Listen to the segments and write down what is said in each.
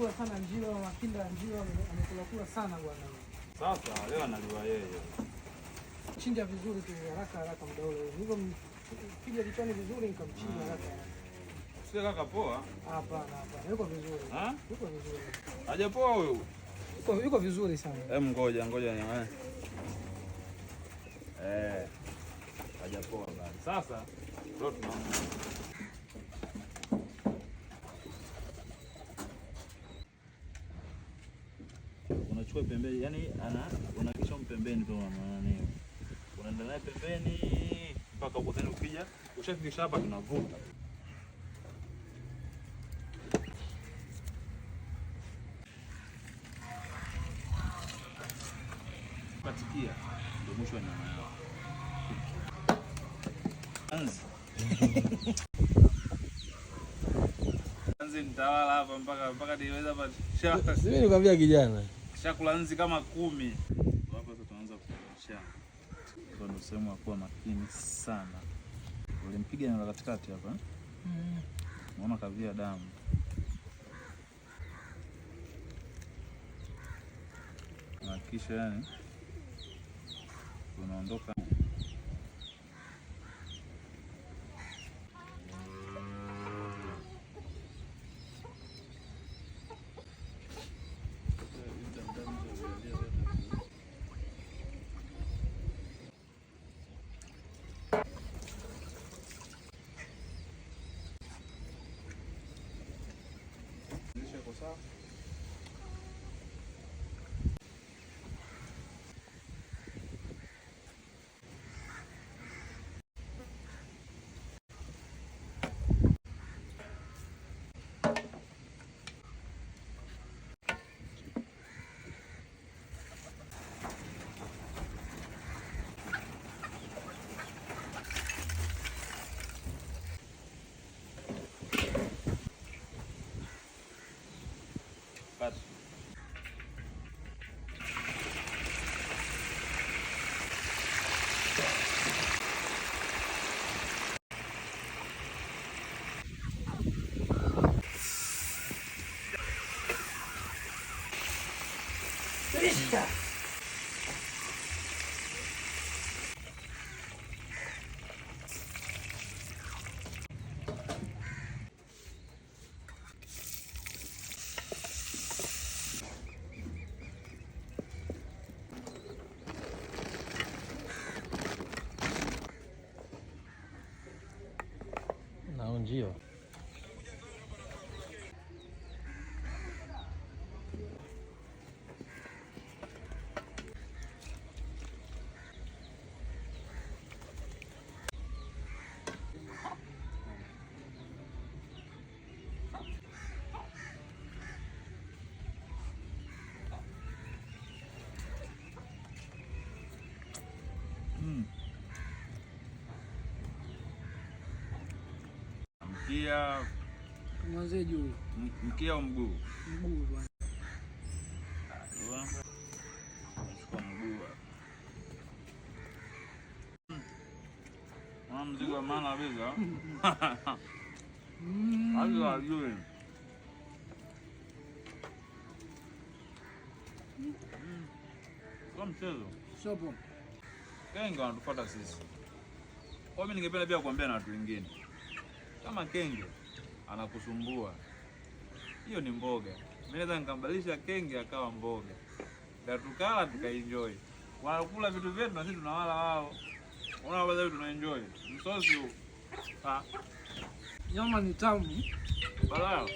amekula sana njiwa, makinda ya njiwa amekula kula sana bwana. Sasa leo analiwa yeye. Chinja vizuri tu haraka haraka muda ule. Hivyo kija vichwani vizuri nikamchinja haraka ah. haraka. Sio kaka poa? Hapana hapana. Yuko vizuri. Ha? Yuko vizuri. Hajapoa huyu. Yuko yuko vizuri sana. Hem, ngoja ngoja ni wewe. Eh. eh. Hajapoa bado. Sasa leo tunaona unachukua pembeni, yani ana unakisha mpembeni tu maana nini, naye pembeni mpaka huko tena. Ukija ushafikisha hapa, tunavuta patikia, ndio mwisho wa nyama yao. Anzi anzi, nitawala hapa mpaka mpaka niweza pa. Sasa nikwambia kijana shakula nzi kama kumi. Hapa sasa tunaanza kushana, ndio sehemu ya kuwa makini sana. Ulimpiga na katikati hapa eh? mm. kavia damu na yani unaondoka Tchau. Eita! Não, um dia, ó. mkia mwanze juu, mkia au mguu? Mguu bwana. Chukua mguu na mzigo wa maana kabisa, mm. aza ajui kwa mchezo sopo. Wengi wanatupata sisi, kwa mimi ningependa pia kuambia na watu wengine kama kenge anakusumbua, hiyo ni mboga. Mimi naweza nikambadilisha kenge akawa mboga, tukala tukaenjoy. Wanakula vitu vyetu na sisi tunawala wao, unaaa, tunaenjoy msosi huu. Nyama ni tamu balaa.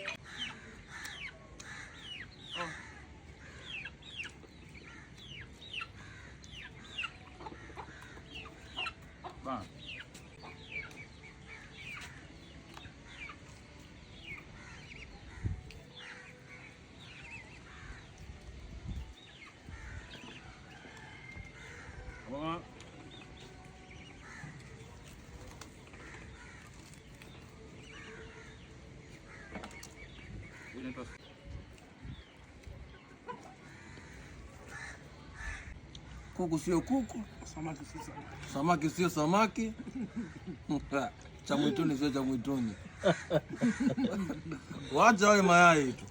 Kuku sio kuku, samaki sio samaki, samaki sio samaki, cha mwituni sio cha mwituni. Wacha wale mayai tu.